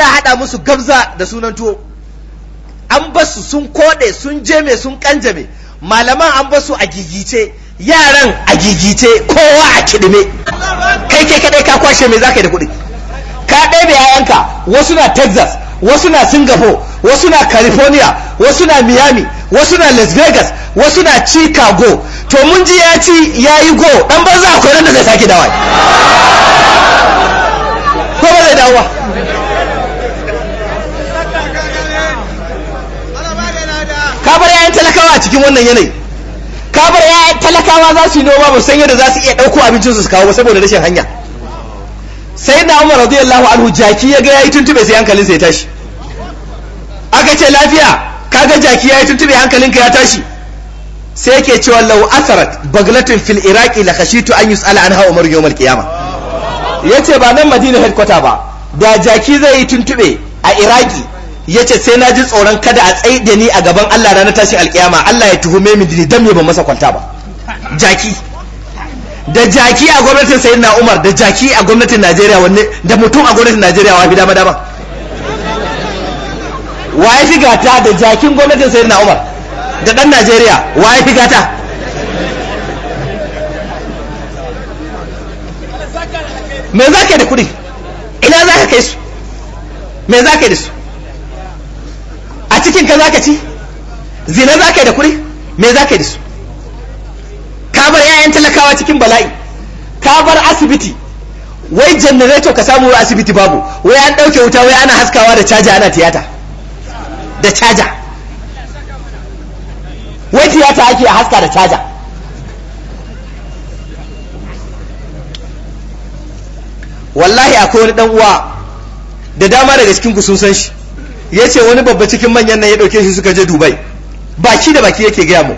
ana haɗa musu gabza da sunan tuwo an basu sun koɗe sun jeme sun kanjame malaman an basu a gigice yaran a gigice kowa a kidime kai kai kadai ka kwashe me zaka yi da kuɗi ka ɗebe yayanka wasu na texas wasu na singapore wasu na california wasu na miami wasu na las vegas wasu na chicago to mun ji ya ci ya yi go dan banza akwai nan da zai sake dawa ko ba zai dawo ba Kabar bar yayan talakawa cikin wannan yanayi ka bar talakawa za su yi noma ba san yadda za su iya ɗauko abincin su kawo ba saboda rashin hanya sai na umar radiyallahu anhu jaki ya ga yayi tuntube sai hankalin sa ya tashi aka ce lafiya kaga jaki yayi tuntube hankalinka ya tashi sai yake cewa law asarat Baglatin fil iraqi la khashitu an yus'ala anha umar yawm al qiyamah yace ba nan madina headquarter ba da jaki zai yi tuntube a iraki ya ce sai na ji tsoron kada a tsaye da ni a gaban Allah ranar tashin alkiyama Allah ya tuhu mai dini don me ban masa kwanta ba jaki da jaki a gwamnatin na Umar da jaki a gwamnatin Najeriya wanne da mutum a gwamnatin Najeriya wa fi dama dama wa ya fi gata da jakin gwamnatin na Umar da dan Najeriya wa ya fi gata me za ka yi da kuɗi ina za ka kai su me za ka yi da su arzikin ka zaka ci zina zaka yi da kuri me zaka yi da su ka bar yayan talakawa cikin bala'i ka bar asibiti wai janareto ka samu asibiti babu wai an ɗauke wuta wai ana haskawa da caja ana tiyata da caja wai tiyata ake a haska da caja wallahi akwai wani uwa da dama daga cikin ku sun san shi ya ce wani babba cikin manyan nan ya ɗauke shi suka je dubai baki da baki yake gaya mu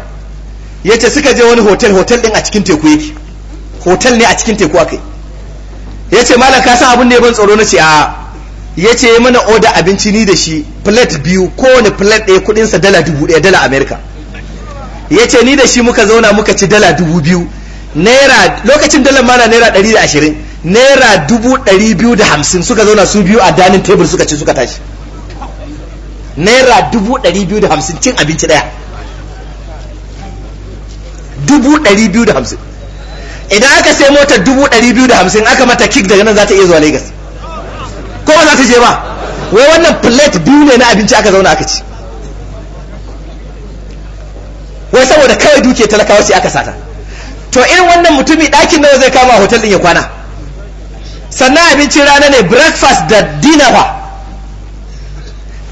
ya ce suka je wani hotel hotel ɗin a cikin teku yake hotel ne a cikin teku akai ya ce malam ka san abin da ya ban tsoro na ce a ya ce ya mana oda abinci ni da shi plate biyu kowane plate ɗaya kuɗinsa dala dubu ɗaya dala amerika ya ce ni da shi muka zauna muka ci dala dubu biyu naira lokacin dalar mana naira ɗari da ashirin naira dubu ɗari biyu da hamsin suka zauna su biyu a danin tebur suka ci suka tashi naira dubu ɗari biyu da hamsin cin abinci ɗaya dubu ɗari biyu da hamsin idan aka sai motar dubu ɗari biyu da hamsin aka mata kik daga nan za ta iya zuwa lagos ko ba za ta je ba wai wannan plate biyu ne na abinci aka zauna aka ci wai saboda kawai duke talakawa sai aka sata to irin wannan mutumi ɗakin nawa zai kama hotel ɗin ya kwana sannan abincin rana ne breakfast da dinner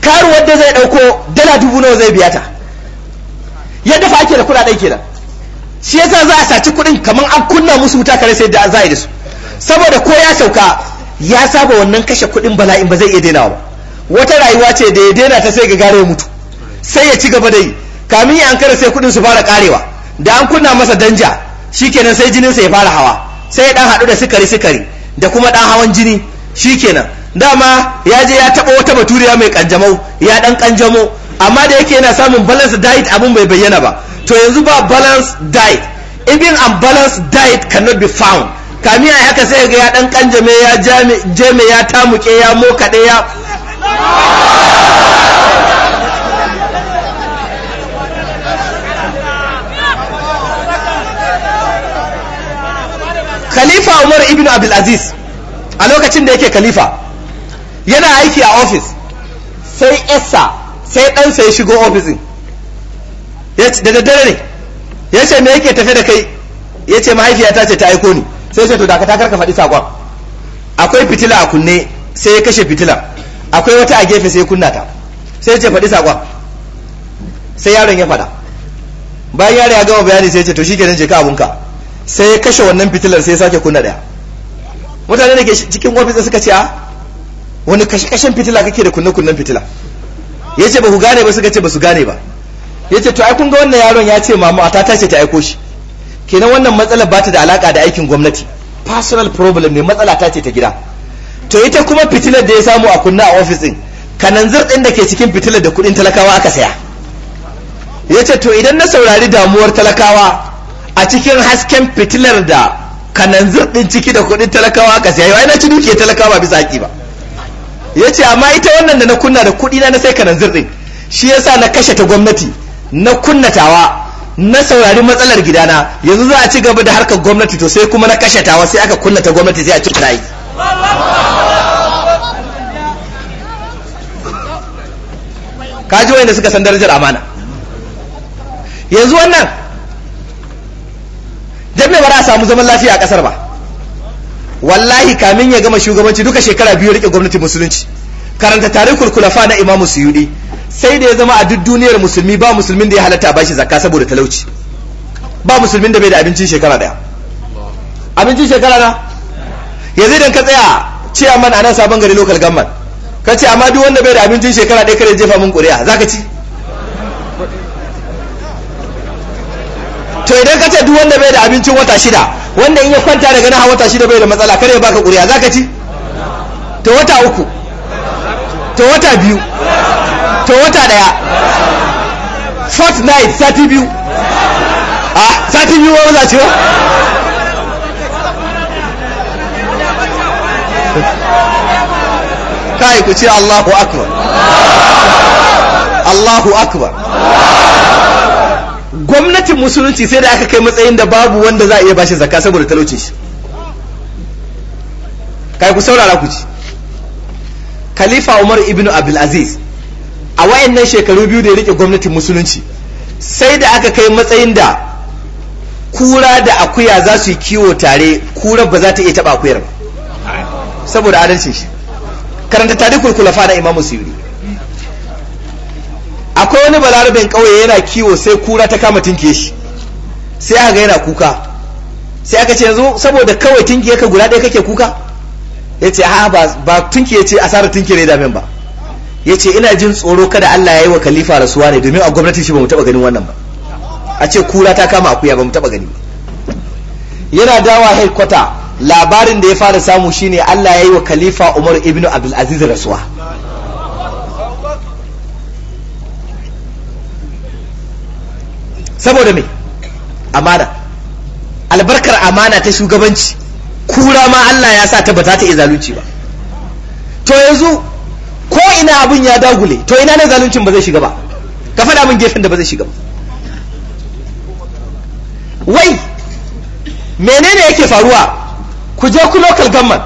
karuwar da zai ɗauko dala dubu nawa zai biya ta yadda fa ake da kudaden kenan shi yasa za a saci kuɗin kamar an kunna musu wuta kare sai da za da su saboda ko ya sauka ya saba wannan kashe kuɗin bala'in ba zai iya daina ba wata rayuwa ce da ya daina ta sai ga gare mutu sai ya ci gaba da yi kamin ya an kare sai kuɗin su fara karewa da an kunna masa danja shikenan sai jininsa ya fara hawa sai ya ɗan haɗu da sikari sikari da kuma ɗan hawan jini shikenan dama ya je ya taba wata baturiya mai kanjamau ya dan kanjamo amma da yake yana samun balance diet abun bai bayyana ba to yanzu ba balance diet even unbalanced diet cannot be found kami a haka sai ga ya dan kanjame ya jame ya tamuke ya kade ya khalifa umar ibn aziz a lokacin da yake khalifa yana aiki a ofis sai esa sai ɗansa ya shigo ofisin da daddare ne ya ce me yake tafe da kai ya ce ta ce ta aiko ni sai ce to da ka takar ka faɗi saƙon akwai fitila a kunne sai ya kashe fitila akwai wata a gefe sai kunna ta sai ce faɗi saƙon sai yaron ya faɗa bayan yaron ya gama bayani sai ce to shi kenan je ka abunka sai ya kashe wannan fitilar sai ya sake kunna ɗaya mutane da ke cikin ofis suka ce a ah, wani kashe-kashen fitila kake da kunne-kunnen fitila ya ce ba ku gane ba suka ce ba su gane ba ya ce to ai kun ga wannan yaron ya ce mamu ta tace ta aiko shi kenan wannan matsalar ba ta da alaka da aikin gwamnati personal problem ne matsala ta ce ta gida to ita kuma fitilar da ya samu a kunna a ofis din kananzir ɗin da ke cikin fitilar da kuɗin talakawa aka saya ya ce to idan na saurari damuwar talakawa a cikin hasken fitilar da kananzir ɗin ciki da kudin talakawa aka saya yau ai na ci dukiyar talakawa bisa haƙi ba ya ce amma ita wannan da na kunna da kuɗina na sai kanan zirɗin shi ya sa na kashe ta gwamnati na kunnatawa na saurari matsalar gidana yanzu za a ci gaba da harkar gwamnati to sai kuma na kashe tawa sai aka kunnata gwamnati sai a ci ka kaji wayanda suka san darajar amana yanzu wannan dan ba za a samu zaman lafiya a kasar ba wallahi kamin ya gama shugabanci duka shekara biyu rike gwamnati musulunci karanta tarihul kulafa na imamu suyudi sai da ya zama a duk duniyar musulmi ba musulmin da ya halatta bashi zakka saboda talauci ba musulmin da bai da abincin shekara daya abincin shekara na zai idan ka tsaya ce a man anan sabon gari local gamman ka ce amma duk wanda bai da abincin shekara daya kare jefa min ƙuri'a za ka ci to idan ka ce duk wanda bai da abincin wata shida wanda in ya kwanta daga na wata shida bai da matsala kare baka ƙuri'a zaka ci to wata uku to wata biyu to wata daya fortnight sati biyu a sati biyu wa za cewa ka kai ku ce Allahu akbar Allahu akbar gwamnatin musulunci sai da aka kai matsayin da babu wanda za a iya bashi zakka saboda talaucin shi kai ku saurara ku ci khalifa umar ibn abul aziz a wayannan shekaru biyu da ya rike gwamnatin musulunci sai da aka kai matsayin da kura da akuya za su yi kiwo tare kura ba za ta iya taba akuyar ba saboda adalcin shi karanta tarihi kulafa na imamu suyuri akwai wani balarabin kauye yana kiwo sai kura ta kama tinkiye shi sai aka ga yana kuka sai aka ce yanzu saboda kawai tinkiye ka guda ɗaya kake kuka ya ce ha ba ya ce tsara tinkiye ne damin ba ya ce ina jin tsoro kada Allah ya yi wa kalifa rasuwa ne domin a gwamnati shi ba mu taɓa ganin wannan ba a ce kura ta kama akuya ba mu taɓa gani ba yana dawa headquarter labarin da ya fara samu shine Allah ya yi wa kalifa Umar ibn Abdul Aziz rasuwa saboda me amana albarkar amana ta shugabanci kura ma Allah ya sa ta ba ta iya zalunci ba to yanzu ko ina abin ya dagule to ina ne zaluncin ba zai shiga ba ka faɗa min gefen da ba zai shiga ba wai menene yake faruwa ku je ku local government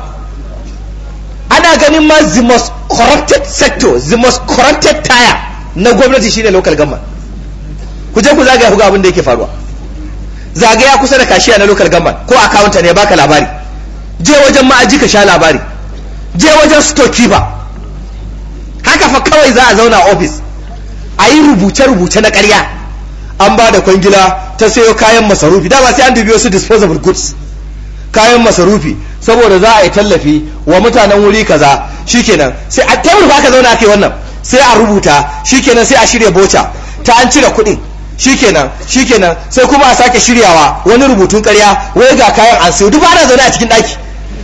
ana ganin ma the most corrupted sector the most corrupted tire na gwamnati shine local government ku je ku zagaya ku ga abin da yake faruwa zagaya kusa da kashiya na local government ko akawunta ne ya baka labari je wajen ma'aji ka sha labari je wajen storekeeper haka fa kawai za a zauna ofis a yi rubuce-rubuce na karya an ba da kwangila ta sayo kayan masarufi dama sai an dubi su disposable goods kayan masarufi saboda za a yi tallafi wa mutanen wuri kaza shikenan sai a taimaka ka zauna ake wannan sai a rubuta shikenan sai a shirya boca ta an cire kuɗin shikenan shikenan sai kuma a sake shiryawa wani rubutun karya wai ga kayan an siyo duk ana zaune a cikin ɗaki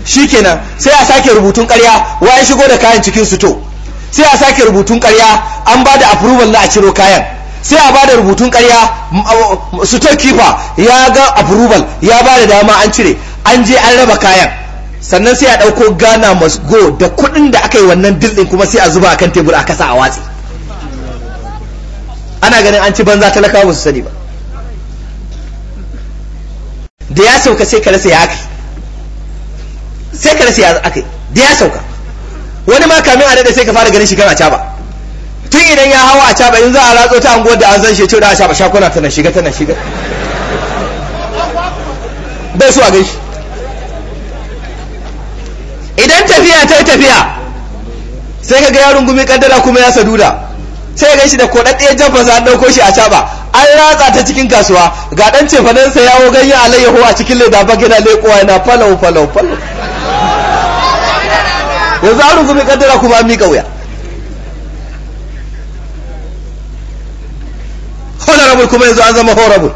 shikenan sai a sake rubutun karya wai shigo da kayan cikin to sai a sake rubutun karya an ba da approval na a ciro kayan sai a ba da rubutun karya to keeper ya ga approval ya ba da dama an cire an je an raba kayan sannan sai a ɗauko ghana must go da kuɗin da aka yi wannan dildin kuma sai a zuba akan tebur a kasa a watsi ana ganin an ci banza talakawa ba su sani ba da ya sauka sai ka rasa ya aka sai ka rasa ya aka da ya sauka wani ma kamin a daɗa sai ka fara ganin shi kana caba tun idan ya hawa a caba in za a ratso ta anguwar da an zan shi ce da a caba shakuna tana shiga tana shiga bai su a gaishe idan tafiya ta tafiya sai ka ga yaron gumi kaddara kuma ya saduda sai gan shi da jamfa za a ɗauko shi a caɓa an ratsa ta cikin kasuwa ga ɗan cefanensa sa yawo ganyen alayyahu a cikin leda ba gina lekowa yana falau falau falau yanzu an mai kaddara kuma an miƙa wuya honorable kuma yanzu an zama horrible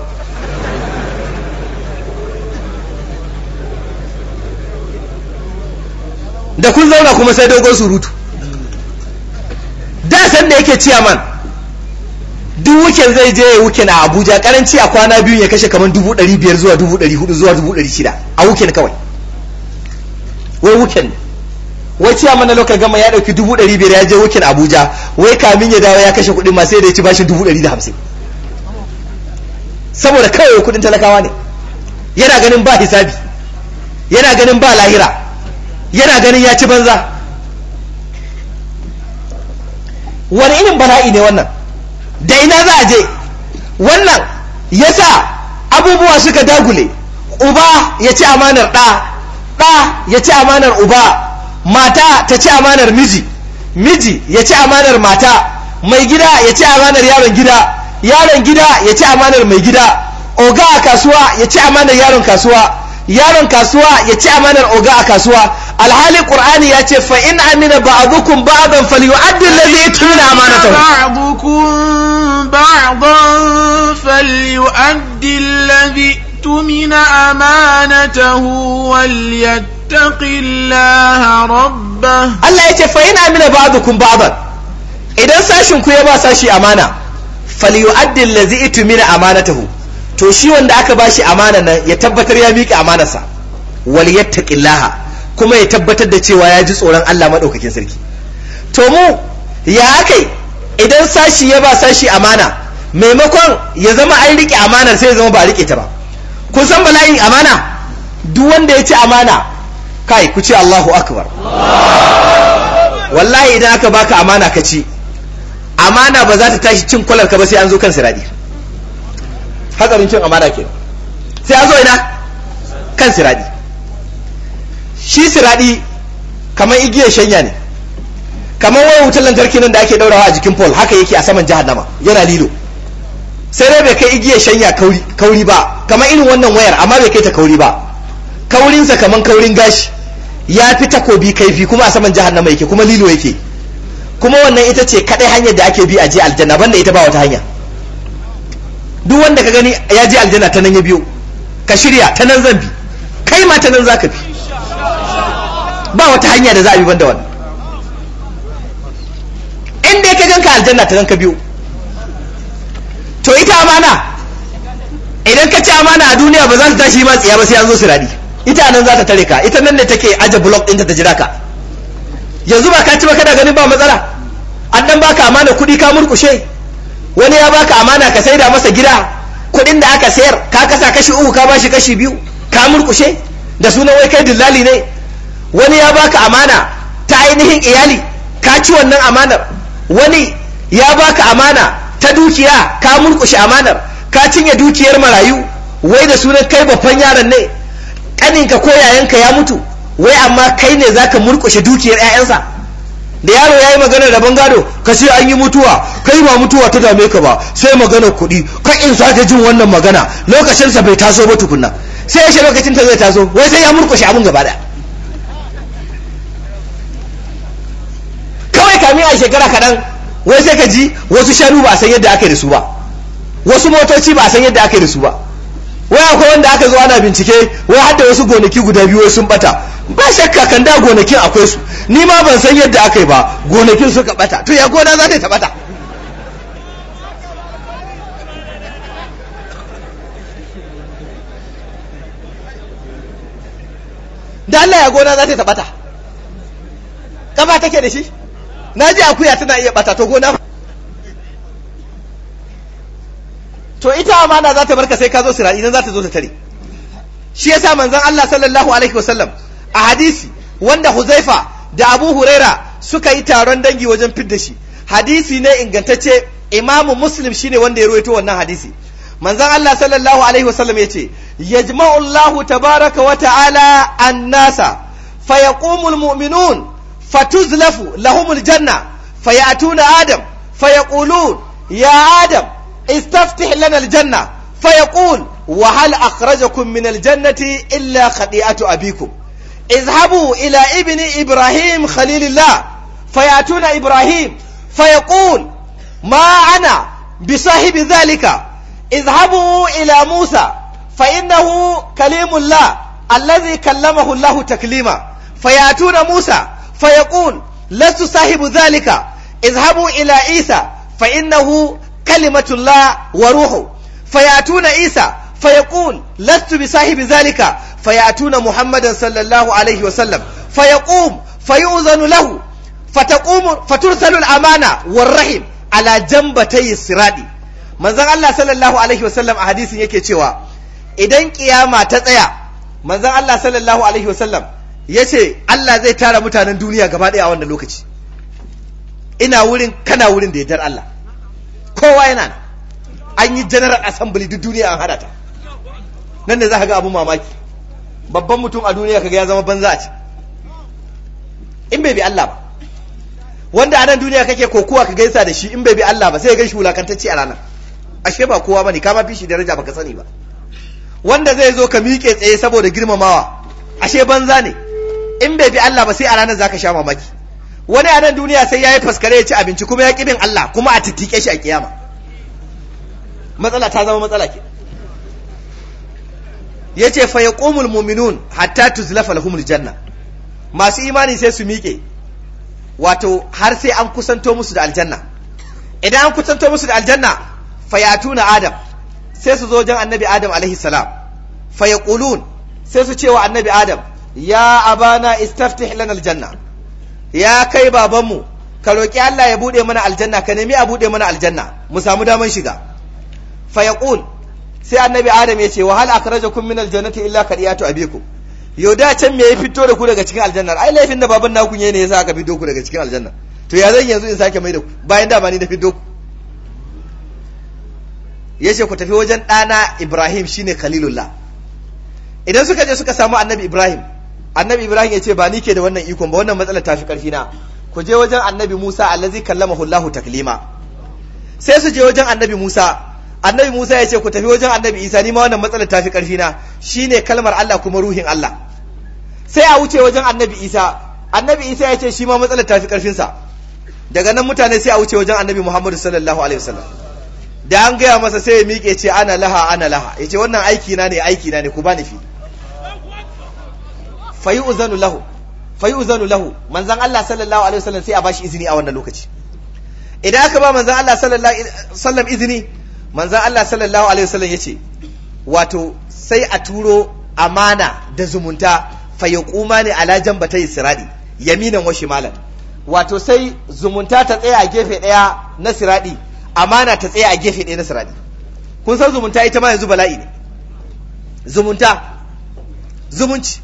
da kun zauna kuma sai dogon surutu da da yake ciyaman duk wuken zai je ya wuken a abuja karanci a kwana biyu ya kashe kamar dubu ɗari biyar zuwa dubu ɗari hudu zuwa dubu ɗari shida a wuken kawai wai wuken wai ciyaman na lokacin gama ya ɗauki dubu ɗari biyar ya je wuken abuja wai kamin ya dawo ya kashe kuɗin masu yadda ya ci bashin dubu ɗari da hamsin saboda kawai kuɗin talakawa ne yana ganin ba hisabi yana ganin ba lahira yana ganin ya ci banza wani irin bala'i ne wannan da ina za a je wannan ya sa abubuwa suka dagule uba ya ci amanar ɗa ɗa ya ci amanar uba mata ta ci amanar miji miji ya ci amanar mata mai gida ya ci amanar yaron gida yaron gida ya ci amanar mai gida oga a kasuwa ya ci amanar yaron kasuwa yaron kasuwa ya ci amanar oga a kasuwa alhali qur'ani ya ce fa in amina ba'dukum ba'dan falyu'addi alladhi yutmina amanatahu ba'dukum ba'dan falyu'addi alladhi yutmina amanatahu walyattaqillaha rabbah Allah yace fa in amina ba'dukum ba'dan idan sashin ku ya ba sashi amana falyu'addi alladhi yutmina amanatahu to shi wanda aka bashi amana nan ya tabbatar ya miƙa amanarsa walyattaqillaha kuma ya tabbatar da cewa ya ji tsoron Allah maɗaukakin sarki to mu ya kai idan sashi ya ba sashi amana maimakon ya zama an riƙe amana sai ya zama ba riƙe ta ba kun san bala'in amana duk wanda ya ci amana kai ku ce Allahu akbar wallahi idan aka baka amana ka ci amana ba za ta tashi cin kwalar ka ba sai an zo kan siradi hatsarin cin amana ke sai an zo ina kan siradi shi siradi kamar igiyar shanya ne kamar wayar wutar lantarki nan da ake daurawa a jikin pole haka yake a saman jahannama yana lilo sai dai bai kai igiyar shanya kauri ba kamar irin wannan wayar amma bai kai ta kauri ba kaurinsa kamar kaurin gashi ya fi takobi kaifi kuma a saman jahannama yake kuma lilo yake kuma wannan ita ce kadai hanyar da ake bi a je aljanna banda ita ba wata hanya duk wanda ka gani ya je aljanna ta nan ya biyo ka shirya ta nan zan bi kai ma ta nan zaka bi ba wata hanya da za a bi banda wannan inda ya ka ganka aljanna ta ganka biyu to ita amana idan ka ci amana a duniya ba za su tashi ma tsiya ba sai an zo su radi ita nan za ta tare ka ita nan ne take aje block ɗinta ta jira ka yanzu ba ka ci ba kada ganin ba matsala an dan baka amana kuɗi ka murkushe wani ya baka amana ka saida masa gida kuɗin da aka sayar ka kasa kashi uku ka bashi kashi biyu ka murkushe da sunan wai kai dillali ne wani ya baka amana ta ainihin iyali ka ci wannan amanar wani ya baka amana ta dukiya ka murkushe amanar ka cinye dukiyar marayu wai da sunan kai babban yaran ne kaninka ko yayanka ya mutu wai amma kai ne zaka murkushe dukiyar 'ya'yansa da yaro yayi yi da bangado gado ka ce an yi mutuwa kai ba mutuwa ta dame ka ba sai magana kuɗi ka in sake jin wannan magana lokacinsa bai taso ba tukunna sai ya shi lokacin ta zai taso wai sai ya murkushe abun gaba daya jami'a shekara kaɗan wai sai ka ji wasu shanu ba a san yadda aka yi da su ba wasu motoci ba a san yadda aka yi da su ba wai akwai wanda aka zo ana bincike wai har da wasu gonaki guda biyu wai sun bata ba shakka kan da gonakin akwai su ni ma ban san yadda aka yi ba gonakin suka bata to ya gona za ta bata da Allah ya gona za ta bata kafa take da shi na ji akuya tana iya bata to gona to ita amana za ta barka sai ka zo sira idan za ta zo ta tare shi yasa manzon Allah sallallahu alaihi wasallam a hadisi wanda Huzaifa da Abu Huraira suka yi taron dangi wajen fidda shi hadisi ne ingantacce Imam muslim shine wanda ya ruwaito wannan hadisi manzon Allah sallallahu alaihi wasallam yace yajma'u Allahu tabaraka wa ta'ala an-nasa muminun fatuzlafu lahumul janna fayatuna adam fayaqulun ya adam istaftih lana aljanna fayaqul wa hal akhrajakum min aljannati illa khadi'atu abikum izhabu ila ibni ibrahim khalilillah fayatuna ibrahim fayaqul ma ana bi sahibi dhalika izhabu ila musa fa innahu kalimullah allazi kallamahu allah taklima fayatuna musa فيقول لست صاحب ذلك اذهبوا إلى عيسى فإنه كلمة الله وروحه فيأتون عيسى فيقول لست بصاحب ذلك فيأتون محمدا صلى الله عليه وسلم فيقوم فيؤذن له فتقوم فترسل الأمانة والرحم على جنبتي الصراط manzon Allah sallallahu alaihi wasallam a hadisin yake cewa idan kiyama ta tsaya manzon Allah sallallahu alaihi wasallam ya ce Allah zai tara mutanen duniya gaba ɗaya a wannan lokaci ina wurin kana wurin da yardar Allah kowa yana an yi general assembly duk duniya an hada ta nan ne za ka ga abin mamaki babban mutum a duniya kaga ya zama banza a ci in bai bi Allah ba wanda a nan duniya kake kokuwa ka gaisa da shi in bai bi Allah ba sai ya gaishe wulakantacce a ranar ashe ba kowa bane ka ma fi shi daraja baka sani ba wanda zai zo ka miƙe tsaye saboda girmamawa ashe banza ne in bai bi Allah ba sai a ranar zaka sha mamaki wani a nan duniya sai yayi faskare ya ci abinci kuma ya ki bin Allah kuma a tittike shi a kiyama matsala ta zama matsala ke yace fa yaqumul mu'minun hatta tuzlafa lahumul janna masu imani sai su miƙe wato har sai an kusanto musu da aljanna idan an kusanto musu da aljanna fayatuna adam sai su zo jan annabi adam alaihi salam fayaqulun sai su ce wa annabi adam ya abana istaftih lana aljanna ya kai babanmu ka roki Allah ya buɗe mana aljanna ka nemi a buɗe mana aljanna mu samu daman shiga fa yaqul sai annabi adam ya ce wa hal akhrajakum min aljannati illa kadiyatu abikum yau da can me ya fito da ku daga cikin aljanna ai laifin da baban naku ne yasa aka fito ku daga cikin aljanna to ya zan yanzu in sake mai da ku bayan da ba ni da fito ku yace ku tafi wajen ɗana Ibrahim shine Khalilullah idan suka je suka samu annabi Ibrahim annabi ibrahim ya ce ba ni ke da wannan ikon ba wannan matsalar tafi karfi na ku je wajen annabi musa allazi kallama hullahu taklima sai su je wajen annabi musa annabi musa ya ce ku tafi wajen annabi isa ni ma wannan matsalar tafi karfi na shine kalmar allah kuma ruhin allah sai a wuce wajen annabi isa annabi isa ya ce shi ma matsalar tafi karfin sa daga nan mutane sai a wuce wajen annabi muhammadu sallallahu alaihi wasallam da an gaya masa sai ya miƙe ce ana laha ana laha ya ce wannan aiki na ne aiki na ne ku bani fi fayi uzanu lahu fayi uzanu lahu manzan Allah sallallahu alaihi wasallam sai a bashi izini a wannan lokaci idan aka ba manzan Allah sallallahu alaihi wasallam izini manzan Allah sallallahu alaihi wasallam yace wato sai a turo amana da zumunta fa kuma ne ala jambata isradi yaminan wa shimalan wato sai zumunta ta tsaya a gefe daya na siradi amana ta tsaya a gefe daya na siradi kun san zumunta ita ma yanzu bala'i ne zumunta zumunci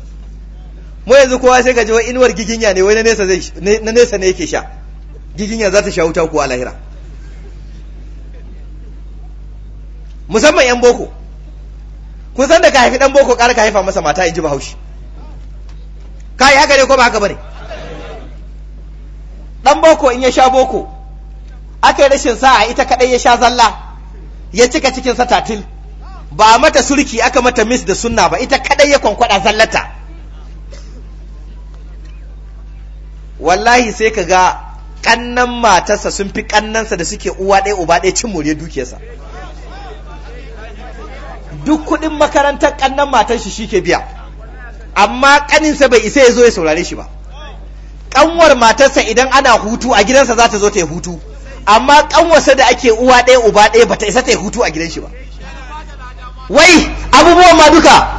mu yanzu kowa sai ka ji wai inuwar giginya ne wai na nesa ne yake sha giginya za ta sha wuta kuwa lahira musamman yan boko kun san da ka haifi dan boko ƙara ka haifa masa mata in ji bahaushe ka yi haka ne ko ba haka bane dan boko in ya sha boko aka yi rashin sa'a ita kadai ya sha zalla ya cika cikin sa tatil ba mata surki aka mata miss da sunna ba ita kadai ya kwankwada zallata wallahi sai ka ga kannan matarsa sun fi kannansa da suke uwa ɗaya uba ɗaya cin moriyar dukiyarsa duk kuɗin makarantar kannan matar shi ke biya amma kaninsa bai isa ya zo ya saurare shi ba kanwar matarsa idan ana hutu a gidansa za ta zo ta yi hutu amma kanwarsa da ake uwa ɗaya uba ɗaya bata isa ta yi hutu a gidan shi ba wai abubuwan ma duka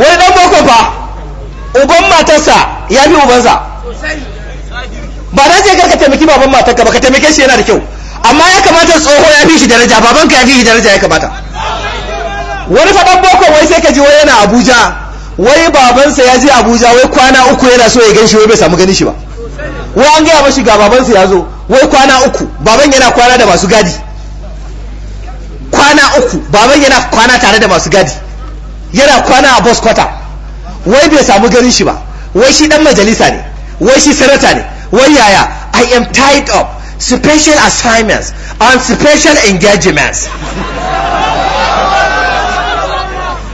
wani dan boko fa uban matarsa ya fi ubansa ba na ce ka taimaki baban matarka ba ka taimake shi yana da kyau amma ya kamata tsoho ya fi shi daraja babanka ya fi shi daraja ya kamata wani faɗan boko wai sai ka ji wai yana abuja wai babansa ya je abuja wai kwana uku yana so ya ganshi wai bai samu gani shi ba wai an gaya mashi ga babansa ya zo wai kwana uku baban yana kwana da masu gadi kwana uku baban yana kwana tare da masu gadi yana kwana a boskwata wai bai samu ganin shi ba wai shi dan majalisa ne wai shi sanata ne wai yaya i am tied up special assignments on special engagements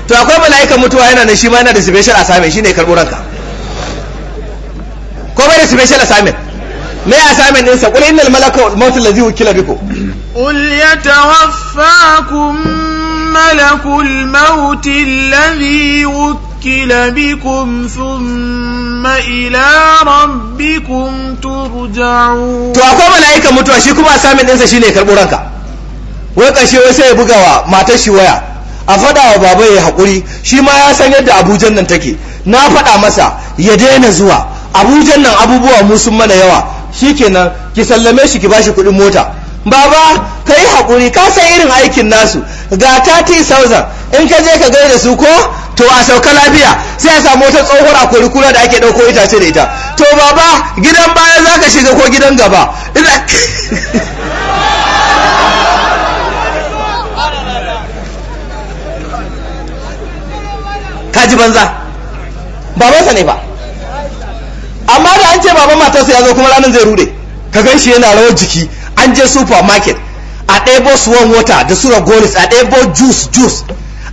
to akwai mala'ikan mutuwa yana nan shi ma yana da special assignment shine karbo ranka ko bai da special assignment me assignment din sa qul innal malaka mautul ladhi wukila bikum qul yatawaffakum ملك الموت الذي وكل بكم ثم إلى ربكم ترجعون to akwai mutuwa shi kuma assignment ɗinsa shine karɓo ranka wai ƙarshe wai sai ya buga wa matar shi waya a faɗawa wa baba ya haƙuri shi ma ya san yadda abujan nan take na faɗa masa ya daina zuwa abujan nan abubuwa mu sun mana yawa shikenan ki sallame shi ki bashi kuɗin mota baba ka yi haƙuri ka san irin aikin nasu ga sauza in ka je ka gaida su ko to a sauka lafiya sai a samu wata tsohuwar akwai kura da ake ɗauko itace da ita to baba gidan baya za ka shiga ko gidan gaba kaji banza babansa ne ba amma da an ce baban matarsa ya zo kuma ranar zai rude ka gan shi yana rawar jiki an je supermarket a ɗebo swan water da sura goris a ɗebo juice juice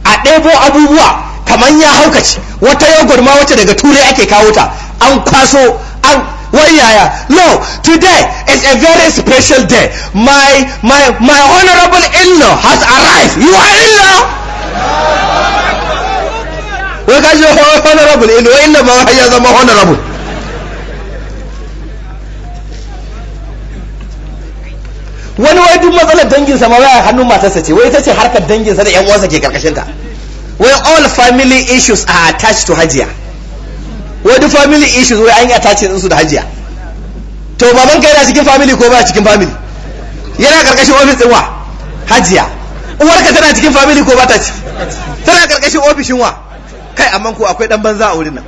a ɗebo abubuwa kamar ya haukaci wata yogurt ma wacce daga turai ake kawo ta an kwaso an wayaya no today is a very special day my my my honorable in-law has arrived you are in-law wai kashi honorable in wai ma ba ya zama honorable wani wai duk matsalar danginsa ma waya hannun matarsa ce wai ita ce harkar danginsa da yan uwansa ke karkashin ta wai all family issues are attached to hajiya wai duk family issues wai an yi attached din su da hajiya to baban kai yana cikin family ko ba cikin family yana karkashin office din wa hajiya uwarka tana cikin family ko ba ta ci tana karkashin ofishin wa kai amma ko akwai dan banza a wurin nan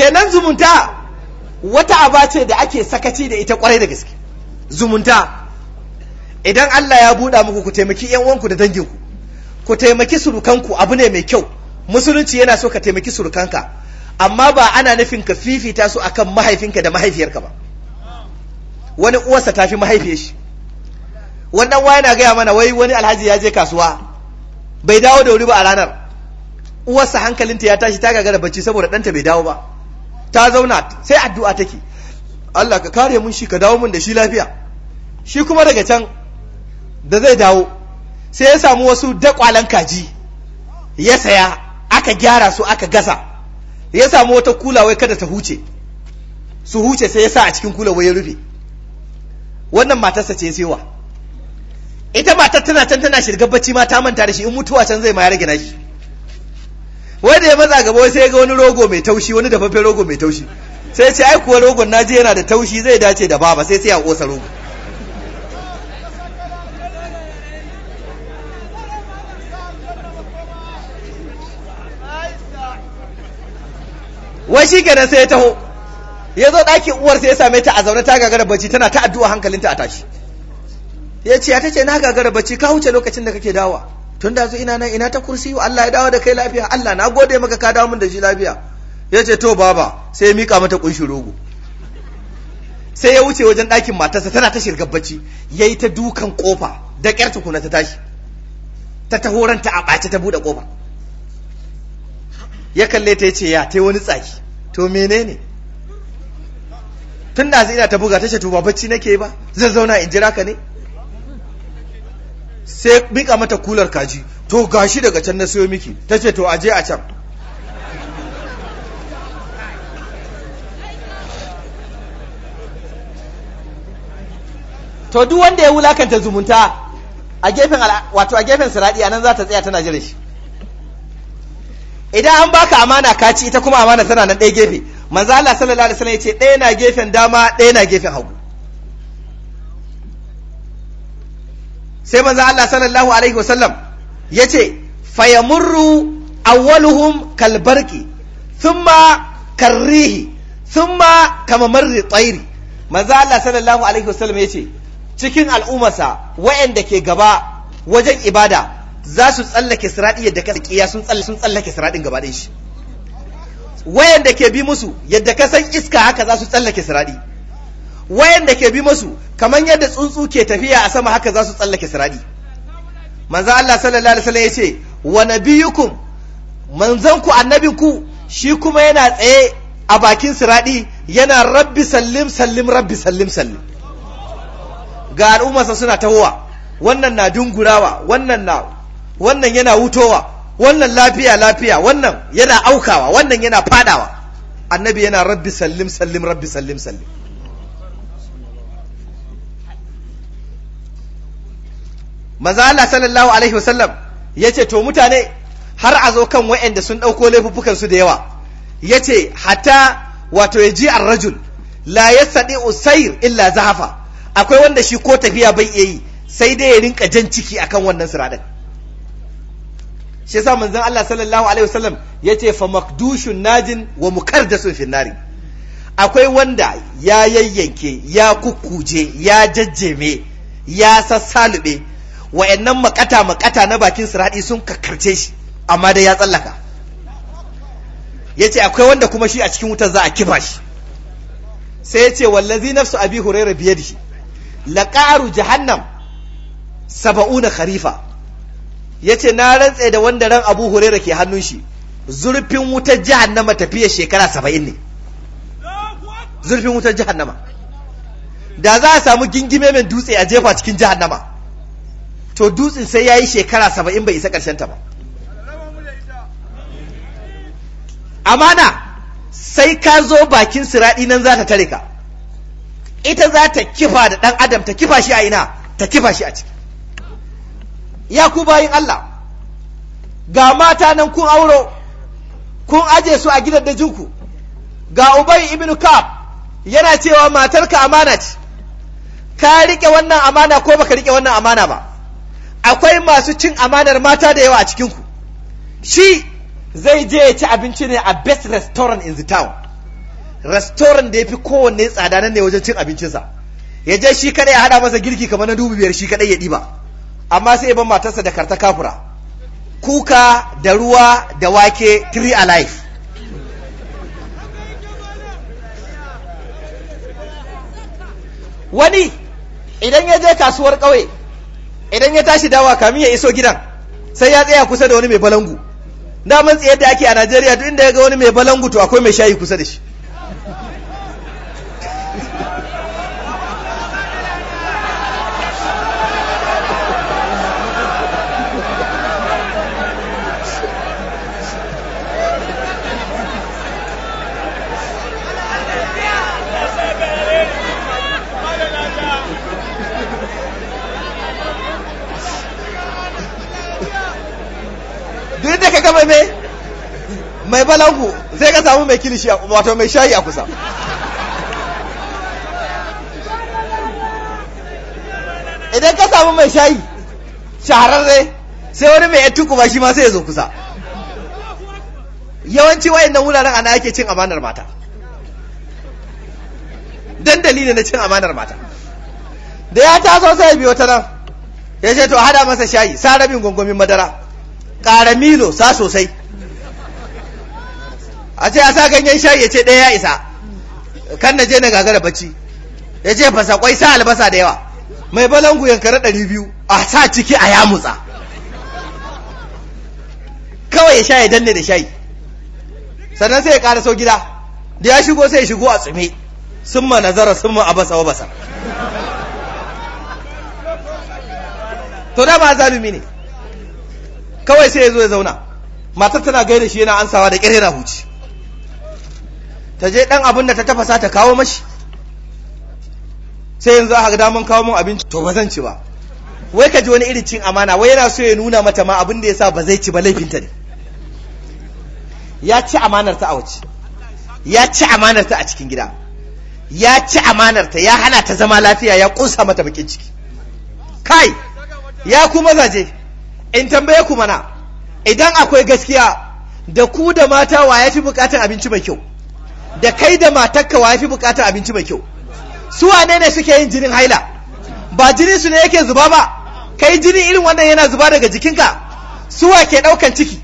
kenan zumunta wata aba ce da ake sakaci da ita kwarai da gaske zumunta idan Allah ya buɗa muku ku taimaki yan uwanku da danginku ku taimaki surukanku abu ne mai kyau musulunci yana so ka taimaki surukanka amma ba ana nufin ka fifita su akan mahaifinka da mahaifiyarka ba wani uwarsa tafi mahaifiyar shi wannan waya na gaya mana wai wani alhaji ya je kasuwa bai dawo da wuri ba a ranar uwarsa hankalinta ya tashi ta gagara bacci saboda ɗanta bai dawo ba ta zauna sai addu'a take Allah ka kare mun shi ka dawo mun da shi lafiya shi kuma daga can da zai dawo sai ya samu wasu dakwalan kaji ya saya aka gyara su aka gasa ya samu wata kulawai kada ta huce su huce sai ya sa a cikin kulawai ya rufe wannan matarsa ce sewa ita matar tana can tana shirgar bacci ma ta manta da shi in mutuwa can zai ma ya rage nashi wanda da ya matsa gaba sai ga wani rogo mai taushi wani dafaffen rogo mai taushi sai ce ai kuwa rogon je yana da taushi zai dace da baba sai sai ya kosa rogo wai shi kenan sai ya taho ya zo ɗakin uwar sai ya same ta a zaune ta gagara bacci tana ta addu'a hankalinta a tashi ya ce ya ta ce na gagara bacci ka wuce lokacin da kake dawa tun da su ina nan ina ta kursiyu Allah ya dawo da kai lafiya Allah na gode maka ka dawo min da shi lafiya ya ce to baba sai ya mika mata kunshi rogo sai ya wuce wajen ɗakin matarsa tana ta shirgar bacci ya yi ta dukan kofa da ƙyar tukuna ta tashi ta tahoranta a ɓace ta buɗe kofa ya kalle ta ce ya tai wani tsaki to menene tun da ina ta buga ta ce to ba bacci nake ba zan zauna in jira ka ne sai mika mata kular kaji to gashi daga can na siyo miki ta ce to aje a can to duk wanda ya wulakanta zumunta a gefen wato a gefen siradi anan za ta tsaya tana jira shi idan an baka amana kaci ita kuma amana tana nan ɗaya gefe manzo Allah sallallahu alaihi wasallam yace ɗaya na gefen dama ɗaya na gefen hagu sai manzo Allah sallallahu alaihi wasallam yace fayamurru awwaluhum kalbarki thumma karrihi thumma kamamarri tsairi manzo Allah sallallahu alaihi wasallam yace cikin al'umarsa wayanda ke gaba wajen ibada za su tsallake siradi yadda ka kiya sun tsallake sun tsallake siradin gaba ɗin shi wayanda ke bi musu yadda ka san iska haka za su tsallake siradi wayan da ke bi masu kamar yadda tsuntsu ke tafiya a sama haka za su tsallake siradi manzo Allah sallallahu alaihi wasallam yace wa nabiyukum manzon ku annabi ku shi kuma yana tsaye a bakin siradi yana rabbi sallim sallim rabbi sallim sallim ga al'umma sa suna tahowa wannan na dungurawa wannan na wannan yana wutowa wannan lafiya lafiya wannan yana aukawa wannan yana fadawa annabi yana rabbi sallim sallim rabbi sallim sallim maza Allah sallallahu alaihi wasallam yace to mutane har a zo kan waɗanda sun ɗauko laifuffukan su da yawa yace hata wato yaji ji rajul la saɗi usair illa zahafa akwai wanda shi ko tafiya bai iya yi sai dai ya rinka jan ciki akan wannan siraɗin shi yasa manzon Allah sallallahu alaihi wasallam yace fa makdushun najin wa mukardasun fin akwai wanda ya yayyanke ya kukkuje ya jajjeme ya sassalube wa'annan makata makata na bakin siradi sun kakkarce shi amma dai ya tsallaka yace akwai wanda kuma shi a cikin wutar za a kifa shi sai yace wallazi nafsu abi hurairah biyadihi laqaru jahannam sab'una kharifa yace na rantse da wanda ran abu hurairah ke hannun shi zurfin wutar jahannama tafiya shekara saba'in ne zurfin wutar jahannama da za a samu gingime mai dutse a jefa cikin jahannama to dutsen sai ya yi shekara saba'in bai isa ƙarshen ta ba amana sai ka zo bakin siraɗi nan za ta tare ka ita za ta kifa da ɗan adam ta kifa shi a ina ta kifa shi a ciki ya ku bayin Allah ga mata nan kun auro kun aje su a gidan da jinku ga ubai ibn kab yana cewa matarka amana ce ka rike wannan amana ko baka rike wannan amana ba akwai masu cin amanar mata da yawa a cikinku shi zai je ya ci abinci ne a best restaurant in the town restaurant da ya fi kowanne tsada nan ne wajen cin abincinsa ya je shi kadai ya hada masa girki kamar na dubu biyar shi kadai ya ɗiba amma sai ya ban matarsa da karta kafura kuka da ruwa da wake three alive wani idan ya je kasuwar ƙauye idan ya tashi dawa kamin ya iso gidan sai ya tsaya kusa da wani mai balangu daman tsaye da ake a Najeriya duk inda ya ga wani mai balangu to akwai mai shayi kusa da shi ka gama mai mai balangu sai ka samu mai kilishi wato mai shayi a kusa idan ka samu mai shayi shahararre sai wani mai yattu kuma shi ma sai ya zo kusa yawanci nan wuraren ana ake cin amanar mata don dalilin na cin amanar mata da ya taso sai biyo ta nan ya ce to hada masa shayi sa rabin gungumin madara ƙara milo sa sosai a ce a sa ganyen shayi ya ce ɗaya ya isa kan na je na gagara bacci ya ce fasa kwai sa albasa da yawa mai balangu yankara ɗari biyu a sa ciki a yamutsa kawai ya sha ya danne da shayi sannan sai ya ƙara sau gida da ya shigo sai ya shigo a tsume sun ma nazara sun ma abasa wa basa to da ba zalumi ne kawai sai ya zo ya zauna matar tana gaida shi yana ansawa da ƙyar na huci ta je ɗan abin da ta tafasa ta kawo mashi sai yanzu aka daman kawo mun abinci to ba zan ci ba wai ka ji wani irin cin amana wai yana so ya nuna mata ma abin da ya sa ba zai ci ba laifinta ne ya ci amanar ta a waje. ya ci amanar ta a cikin gida ya ci amanar ta ya hana ta zama lafiya ya kusa mata bakin ciki kai ya kuma zaje. in tambaye ku mana idan akwai gaskiya da ku da mata wa ya fi bukatar abinci mai kyau da kai da matakka wa ya fi bukatar abinci mai kyau su wane ne suke yin jinin haila ba jinin su ne yake zuba ba kai jinin irin wannan yana zuba daga jikinka su wa ke daukan ciki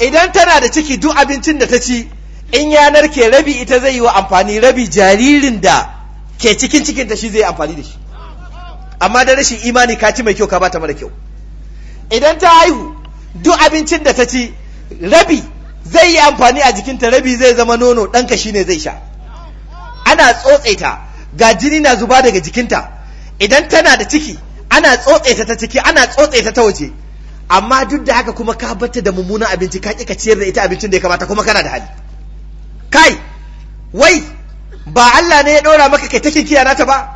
idan tana da ciki duk abincin da ta ci in yanar ke rabi ita zai yi wa amfani rabi jaririn da ke cikin cikinta shi zai amfani da shi amma da rashin imani ka ci mai kyau ka bata mara kyau idan ta haihu duk abincin da ta ci rabi zai yi amfani a jikinta rabi zai zama nono ɗanka shi ne zai sha ana tsotse ta ga jini na zuba daga jikinta idan tana da ciki ana tsotse ta ciki ana tsotse ta waje amma duk da haka kuma ka batta da mummunan abinci ka ka ciyar da ita abincin da ya kamata kuma kana da hali kai wai ba Allah ne ya ɗora maka kai take kiyana ta ba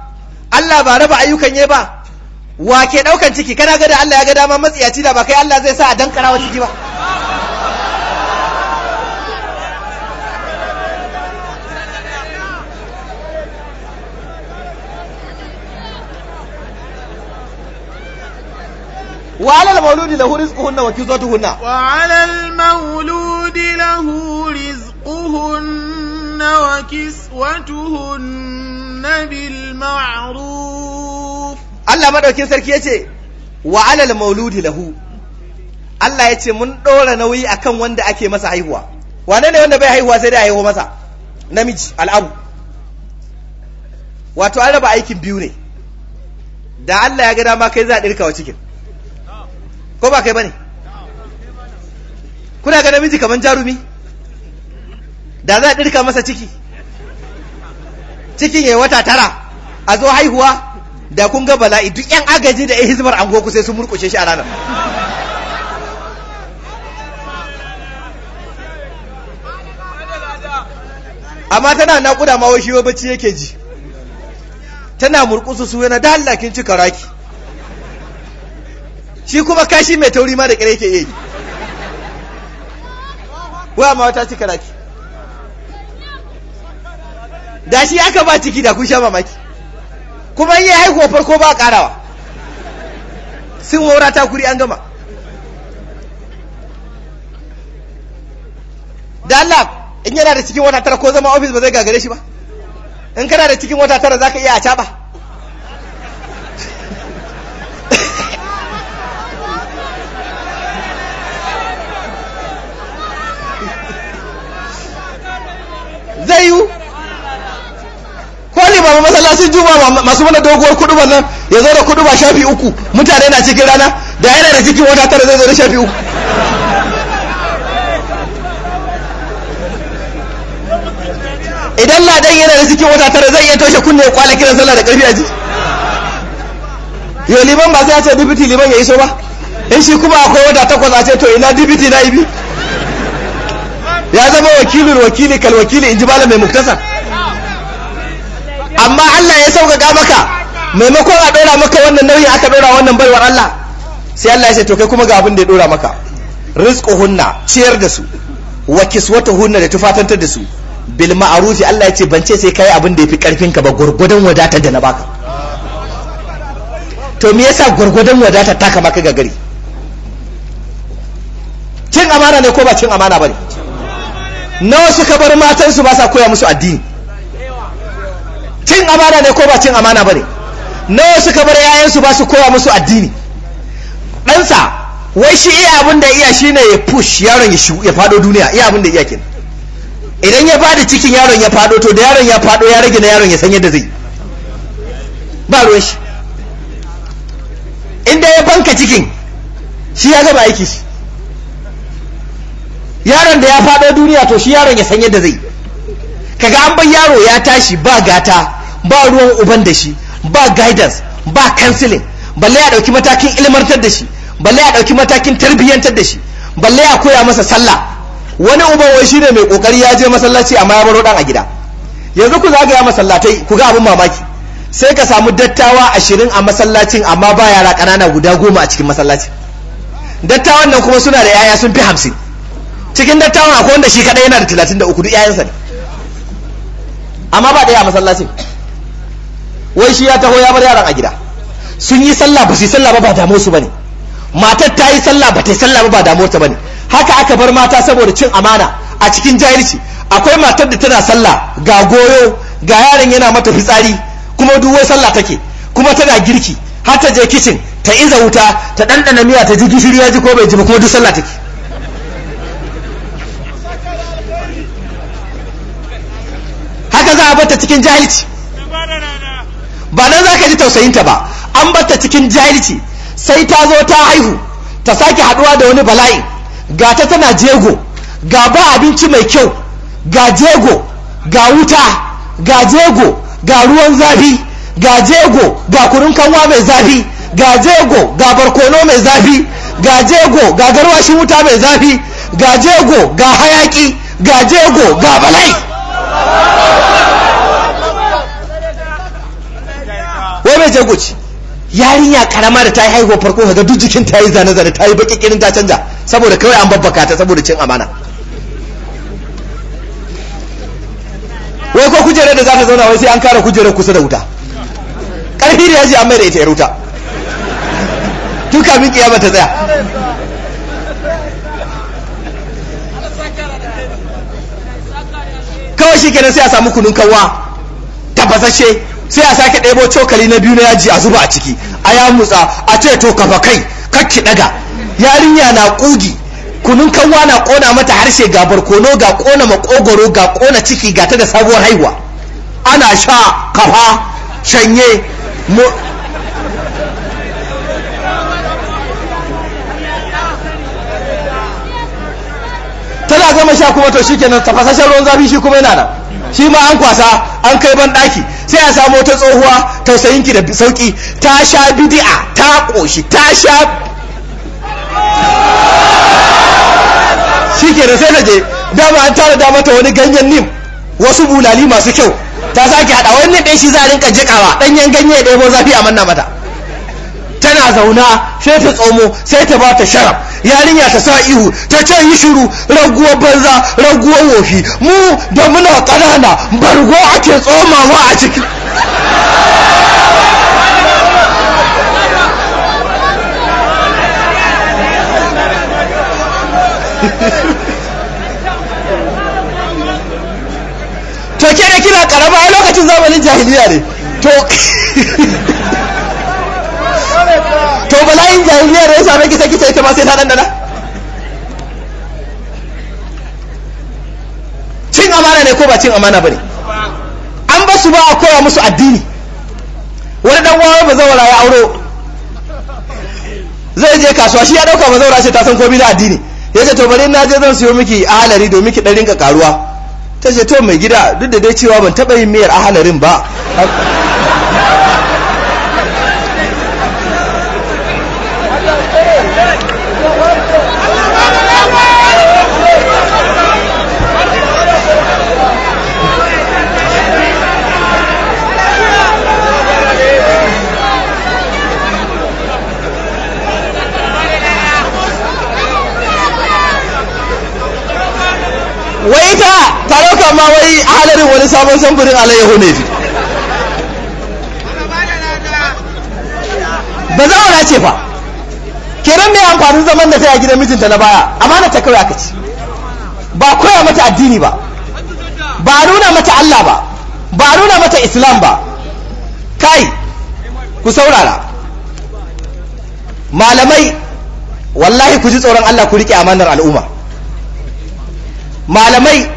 Allah ba raba ayyukan ya ba wa ke daukan ciki kana ga da Allah ya ga dama matsiya matsiyaci da ba kai Allah zai sa a dankara wa ciki ba wa alal mauludi lahu rizquhunna wa kisatuhunna wa alal mauludi lahu rizquhunna wa kisatuhunna bil ma'ruf Allah madaukin sarki yace wa alal mauludi lahu Allah yace mun dora nauyi akan wanda ake masa haihuwa wane ne wanda bai haihuwa sai dai a haihuwa masa namiji al'abu wato an raba aikin biyu ne da Allah ya ga dama kai za a dirka wa cikin ko ba kai bane kuna ga namiji kaman jarumi da za a dirka masa ciki cikin yi wata tara a zo haihuwa da kun ga bala'i duk yan agaji da yan an goku sai sun murkushe shi a ranar amma tana naƙuda ma wai shi bacci yake ji tana murkusu su yana da Allah kin ci karaki shi kuma kashi mai tauri ma da kare yake yi wa ma wata ci karaki da shi aka ba ciki da kun sha mamaki kuma in yi haihuwa farko ba karawa sun wara ta kuri an gama da Allah in yana da cikin wata tara ko zama ofis ba zai gagare shi ba in kana da cikin wata tara za ka iya a caɓa zai yi. ba masallacin juma'a masu wani doguwar kudu ba nan ya zo da kudu ba shafi uku mutane na cikin rana da yana da cikin wata tara zai zo da shafi uku idan ladan yana da cikin wata tara zai iya toshe kunne kwale kiran sallah da karfi a ji yo liban ba sai ya ce dibiti liban ya iso ba in shi kuma akwai wata takwas a ce to ina dibiti na ibi ya zama wakilin wakili kal wakili in ji malam mai muktasar amma Allah ya sauƙaƙa maka maimakon a ɗora maka wannan nauyi aka ɗora wannan baiwar Allah sai Allah ya ce to kai kuma ga abin da ya ɗora maka hunna ciyar da su wa hunna da tufatantar da su bil ma'rufi Allah ya ce ban ce sai kai abin da yafi karfin ka ba gurgudan wadata da na baka to me yasa gurgudan wadata ta kama ka gagari cin amana ne ko ba cin amana bane nawa suka bar matan su ba sa koya musu addini cin amana ne ko ba cin amana ba ne na wasu bar yayansu ba su koya musu addini ɗansa wai shi iya abin da iya shi ne ya push yaron ya fado duniya iya abin da iya kin idan ya bada cikin yaron ya fado to da yaron ya fado ya rage na yaron ya san yadda zai ba ruwan shi inda ya banka cikin shi ya gaba aiki shi yaron da ya fado duniya to shi yaron ya san yadda zai kaga an bar yaro ya tashi ba gata ba ruwan uban da shi ba guidance ba counseling balle ya dauki matakin ilmantar da shi balle ya dauki matakin tarbiyyantar da shi balle ya koya masa sallah wani uban wai shine mai kokari ya je masallaci amma ya baro dan a gida yanzu ku zagaya masallatai ku ga abin mamaki sai ka samu dattawa ashirin a masallacin amma ba yara kanana guda goma a cikin masallacin dattawan nan kuma suna da yaya sun fi hamsin cikin dattawan akwai wanda shi kadai yana da talatin da uku duk yayansa ne amma ba da a masallacin wai shi ya taho ya bar yaran a gida sun yi sallah ba su yi sallah ba ba damu su bane matar ta yi sallah ba ta yi sallah ba ba damu ta bane haka aka bar mata saboda cin amana a cikin jahilci akwai matar da tana sallah ga goyo ga yaran yana mata fitsari kuma duk wai sallah take kuma tana girki har ta je kitchen ta iza wuta ta dandana miya ta ji gishiri ya ji ko bai ji ba kuma duk sallah take haka za a bata cikin jahilci ba nan za ka ji tausayinta ba an bata cikin jahilci sai ta zo ta haihu ta sake haduwa da wani bala'i ga ta tana jego ga ba abinci mai kyau ga jego ga wuta ga jego ga ruwan zafi ga jego ga kunun kanwa mai zafi ga jego ga barkono mai zafi ga jego ga garwashin wuta mai zafi ga jego ga hayaki ga jego ga bala'i wai mai jagoci yarinya karama da ta yi haihuwa farko ga duk jikin ta yi zane-zane ta yi baki kirin ta canja saboda kawai an babbaka ta saboda cin amana wai ko kujerar da za ta zauna wai sai an kara kujerar kusa da wuta ƙarfi da yaji an mai da ita ya ruta min kamin kiyama ta tsaya kawai shi kenan sai a samu kunun kawwa tafasasshe sai a sake ɗebo cokali na biyu na yaji a zuba a ciki a ya mutsa a ce to kafa kai kakki daga yarinya na kugi kunun kawwa na kona mata harshe ga barkono ga kona makogoro ga kona ciki ga ta da sabuwar haihuwa ana sha kafa shanye a gama sha kuma to kenan tafasashen ruwan zafi shi kuma yana nan shi ma an kwasa an kai ban daki sai a samu wata tsohuwa tausayin ki da sauki ta sha bidi'a ta koshi ta sha shi kenan sai naje je dama an tara da mata wani ganyen nim wasu bulali masu kyau ta sake hada wani ɗaya shi za a rinka jikawa ɗanyen ganye ɗaya zafi a manna mata tana zauna sai ta tsomo sai ta ba ta sharaf yarinya ta sa ihu ta ce yi shiru raguwar banza raguwar wofi mu da muna ƙanana bargo ake tsomawa a ciki to ke da kina karama a lokacin zamanin jahiliya ne to to bala'in jahiliya da ya same ki kita ita ma sai ta dandana cin amana ne ko ba cin amana bane an ba su ba a koya musu addini wani dan wawa ba zaura ya auro zai je kasuwa shi ya dauka ba zaura ce ta san komai da addini ya ce to bari na je zan siyo miki ahalari domin ki dan rinka karuwa ta ce to mai gida duk da dai cewa ban taba yin miyar ahalarin ba wai ita ta dauka ma wai halarin wani sabon samfurin alayyahu ne fi ba za a ce fa kenan mai amfanin zaman da ta yi gidan mijinta na baya amana ta kawai aka ci ba koya mata addini ba ba nuna mata Allah ba ba nuna mata islam ba kai ku saurara malamai wallahi ku ji tsoron Allah ku riƙe amanar al'umma malamai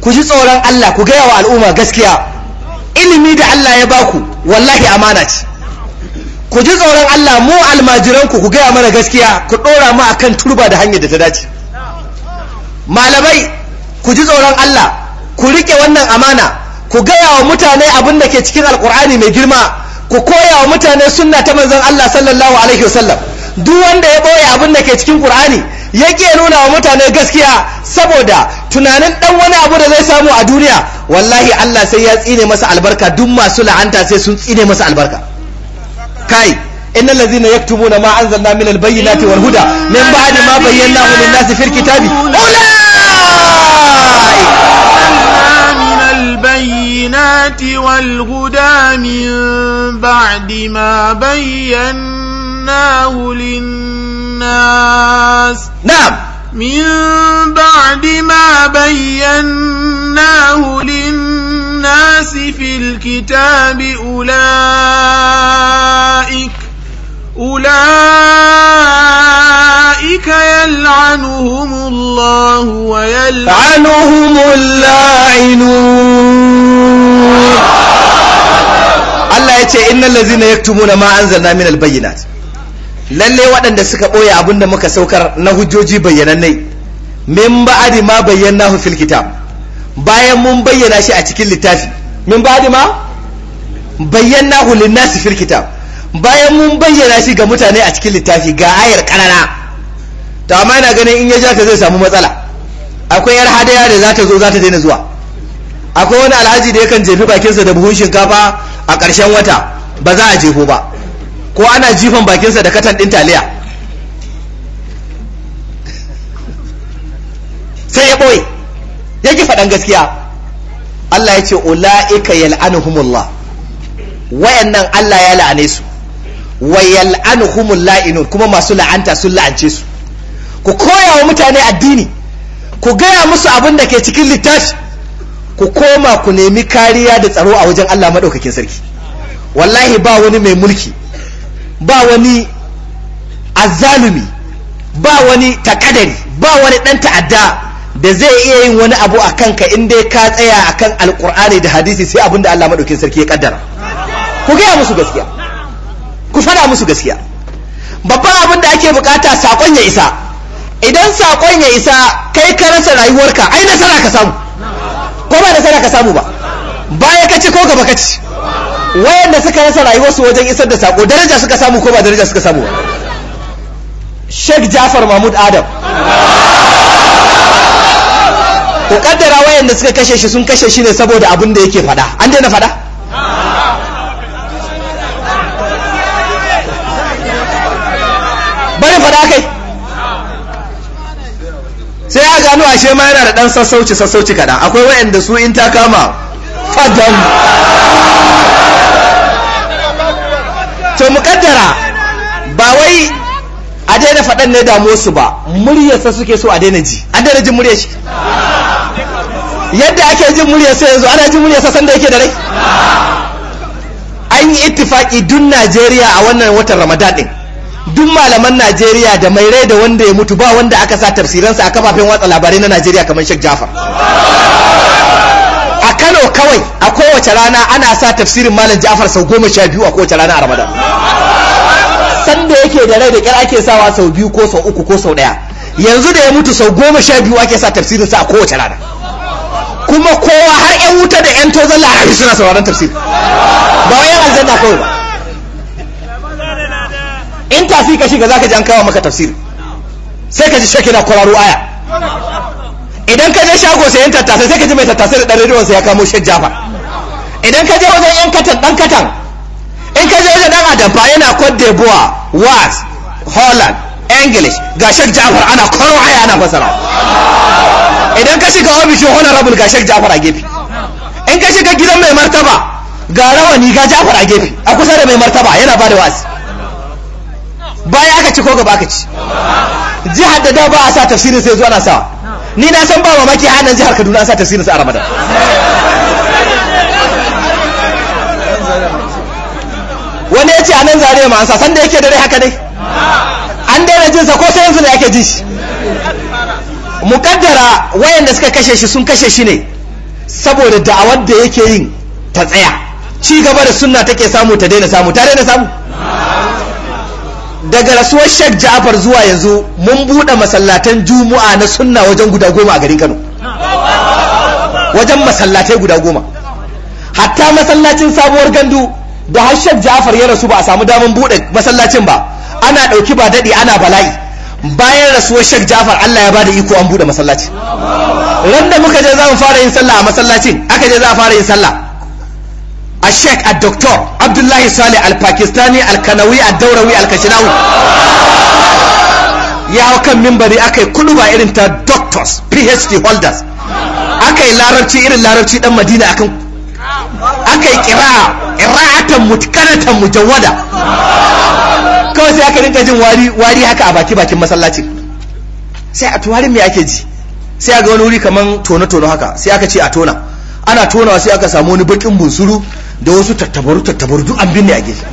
ku ji tsoron Allah ku gaya wa al'umma gaskiya ilimi da Allah ya baku wallahi amana ce ku ji tsoron Allah mu almajiranku ku gaya mana gaskiya ku ɗora mu akan turba da hanyar da ta dace malamai ku ji tsoron Allah ku rike wannan amana ku gaya wa mutane abin da ke cikin alkur'ani mai girma ku koya wa mutane sunna ta manzon Allah sallallahu alaihi wasallam duk wanda ya boye abin da ke cikin qur'ani yake nuna wa mutane gaskiya saboda tunanin dan wani abu da zai samu a duniya wallahi Allah sai ya tsine masa albarka duk masu la'anta sai sun tsine masa albarka kai إن الذين يكتبون ما أنزلنا من البينات والهدى من بعد ما بيناه للناس في الكتاب أولئك من البينات والهدى من بعد ما بيناه للناس الناس نعم من بعد ما بيناه للناس في الكتاب أولئك أولئك يلعنهم الله ويلعنهم اللاعنون الله يتي إن الذين يكتمون ما أنزلنا من البينات lalle waɗanda suka ɓoye abin da muka saukar na hujjoji nai, min ba'adi ma na fil kitab bayan mun bayyana shi a cikin littafi min ba'adi ma bayyanahu linnasi fil kitab bayan mun bayyana shi ga mutane a cikin littafi ga ayar ƙanana. to amma ina ganin in ya ja ta zai samu matsala akwai yar hadaya da za ta zo za ta daina zuwa akwai wani alhaji da yakan jefi bakinsa da buhun shinkafa a ƙarshen wata ba za a jefo ba ko ana jifan bakinsa da katan ɗin taliya sai ya ɓoye yake faɗan gaskiya Allah ya ce ula'ika yal'anuhumullah wayannan Allah ya la'ane su wa yal'anuhumul la'inun kuma masu la'anta sun la'ance su ku koya wa mutane addini ku gaya musu abin da ke cikin littafi ku koma ku nemi kariya da tsaro a wajen Allah maɗaukakin sarki wallahi ba wani mai mulki ba wani azalumi ba wani takadari ba wani dan ta'adda da zai iya yin wani abu a kanka in dai ka tsaya kan alkur'ani da hadisi sai abinda Allah maɗaukin sarki ya kaddara ku gaya musu gaskiya ku fara musu gaskiya babban abin da ake bukata saƙon ya isa idan saƙon ya isa kai ka rasa rayuwarka ai nasara ka samu ko ba nasara ka samu ba baya ka ci ko gaba ka ci wayanda suka rasa rayuwarsu wajen isar da sako daraja suka samu ko ba daraja suka samu Sheikh Jafar Mahmud Adam ko kaddara wayanda suka kashe shi sun kashe shi ne saboda abin da yake fada an daina fada bari fada kai sai a gano ashe ma yana da dan sassauci sassauci kaɗan akwai wayanda su in ta kama fadan to mukaddara ba wai a daina faɗan ne damu su ba muryarsa suke so a daina ji an daina jin muryar shi yadda ake jin muryarsa yanzu ana jin san da yake da rai an yi ittifaki dun najeriya a wannan watan ramadan din duk malaman najeriya da mai rai da wanda ya mutu ba wanda aka sa tafsiransa a kafafen watsa labarai na najeriya kamar sheikh jafar kano kawai a kowace rana ana sa tafsirin malam ja'far sau goma sha biyu a kowace rana a ramadan sanda yake da rai da kyar ake sawa sau biyu ko sau uku ko sau daya yanzu da ya mutu sau goma sha biyu ake sa tafsirin sa a kowace rana kuma kowa har yan wuta da yan tozon larabi suna sauraron tafsir ba wa yan aljanna kawai ba in tafi ka shiga zaka ji an kawo maka tafsir sai ka ji shakira kwararo aya idan ka je shago sayan tattasai sai ka ji mai tattasai da ɗan rediyon ya kamo shan jafa idan ka je wajen yan katan ɗan katan in ka je wajen ɗan adamfa yana cote d'ivoire was, holland english ga shek jafar ana koro haya ana fasara idan ka shiga ofishin honorable ga shek jafar a gefe in ka shiga gidan mai martaba ga rawani ga jafar a gefe a kusa da mai martaba yana ba da wasi baya aka ci ko gaba aka ci jihar da da ba a sa tafsirin sai zuwa na sawa ni na san ba mamaki a nan jihar kaduna an sa tafsirinsa a ramadan wani ya ce a nan zariya ma an sa da yake dare haka dai an daina jinsa ko sai yanzu da yake ji shi mukaddara wayanda suka kashe shi sun kashe shi ne saboda da'awar da yake yin ta tsaya ci gaba da sunna take samu ta daina samu ta daina samu daga rasuwar shek Ja'far zuwa yanzu mun buɗe masallatan Juma'a na sunna wajen guda goma a garin Kano wajen masallatai guda goma hatta masallacin sabuwar gandu da har shek Ja'far ya rasu ba a samu damar buɗe masallacin ba ana ɗauki ba daɗi ana bala'i bayan rasuwar shek Ja'far Allah ya bada iko an buɗe masallaci ran da muka je za mu fara yin sallah a masallacin aka je za a fara yin sallah a sheik a doktor abdullahi salih al-pakistani al-kanawi al-daurawi al-kashinawi ya hau kan mimbari aka yi kudu irin ta doctors phd holders aka yi larabci irin larabci dan madina akan aka yi kira'a ira'atan mutkanatan mujawwada kawai sai aka rinka jin wari wari haka a baki bakin masallaci sai a tuwarin me ake ji sai a ga wani wuri kaman tono tono haka sai aka ce a tona ana tonawa sai aka samu wani bakin bunsuru da wasu tattabaru tattabar duk an binne a gefe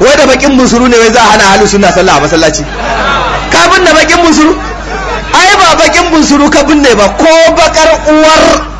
wai da bakin musuru ne wai za a hana halin suna sallah a masallaci ka binne bakin musuru ai ba bakin musuru ka binne ba ko bakar uwar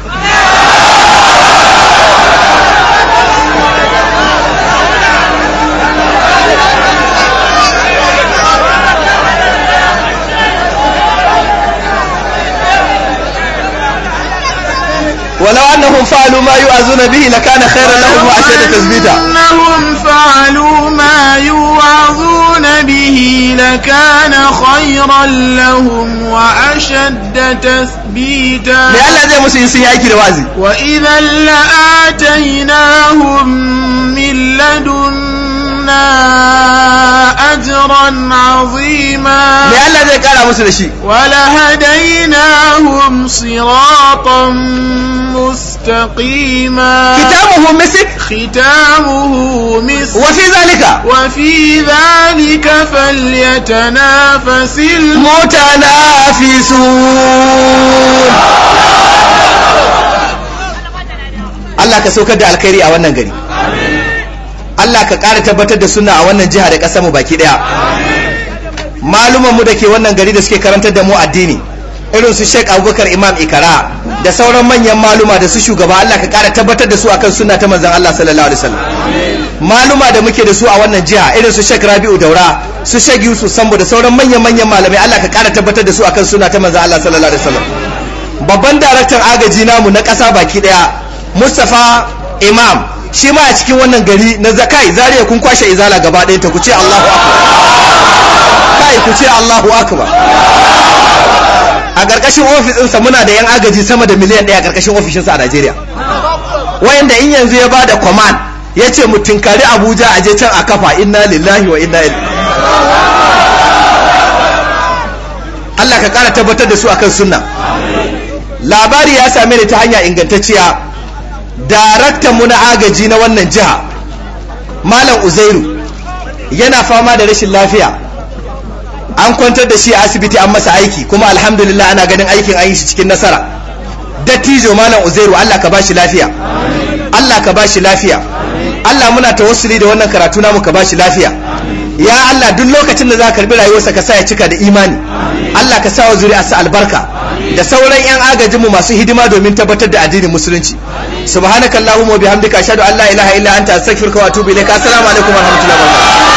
ولو أنهم فعلوا ما يؤذون به لكان خيرا لهم وأشد تثبيتا أنهم فعلوا ما يوعزون به لكان خيرا لهم وأشد تثبيتا وإذا لآتيناهم من لدن أجرا عظيما لألا لشي ولهديناهم صراطا مستقيما ختامه مسك ختامه مسك وفي ذلك وفي ذلك فليتنافس المتنافسون Allah ka saukar da alkhairi a wannan gari. Amin. Allah ka ƙara tabbatar da suna a wannan jiha da ƙasar mu baki ɗaya maluman mu da ke wannan gari da suke karantar da mu addini irin su Sheikh Abubakar Imam Ikara da sauran manyan maluma da su shugaba Allah ka ƙara tabbatar da su akan suna ta manzon Allah sallallahu alaihi wasallam maluma da muke da su a wannan jiha irin su Sheikh Rabi'u Daura su Sheikh Yusuf Sambo da sauran manyan manyan malamai Allah ka ƙara tabbatar da su akan suna ta manzon Allah sallallahu alaihi wasallam babban daraktan agaji namu na ƙasa baki ɗaya Mustafa Imam shi ma a cikin wannan gari na zakai zariya kun kwashe izala gaba ɗaya ta ku ce Allahu akbar kai ku ce Allahu akbar a ƙarƙashin ofisinsa muna da yan agaji sama da miliyan ɗaya a ƙarƙashin ofishinsa a Najeriya wayanda in yanzu ya bada command ya ce mu tinkari Abuja a je can a kafa inna lillahi wa inna ilaihi Allah ka ƙara tabbatar da su akan sunna labari ya same ni ta hanya ingantacciya daraktan mu na agaji na wannan jiha malam uzairu yana fama da rashin lafiya an kwantar da shi a asibiti an masa aiki kuma alhamdulillah ana ganin aikin an yi shi cikin nasara dattijo malam uzairu Allah ka bashi lafiya Allah ka bashi lafiya Allah muna tawassuli da wannan karatu namu ka bashi lafiya ya Allah duk lokacin da za ka karbi rayuwarsa ka sa ya cika da imani Allah ka sa wa zuri'arsa albarka da sauran yan mu masu hidima domin tabbatar da addinin musulunci subhanakallahumma wa bihamdika ashhadu an la ilaha illa anta astaghfiruka wa atubu ilaik assalamu alaikum wa wabarakatuh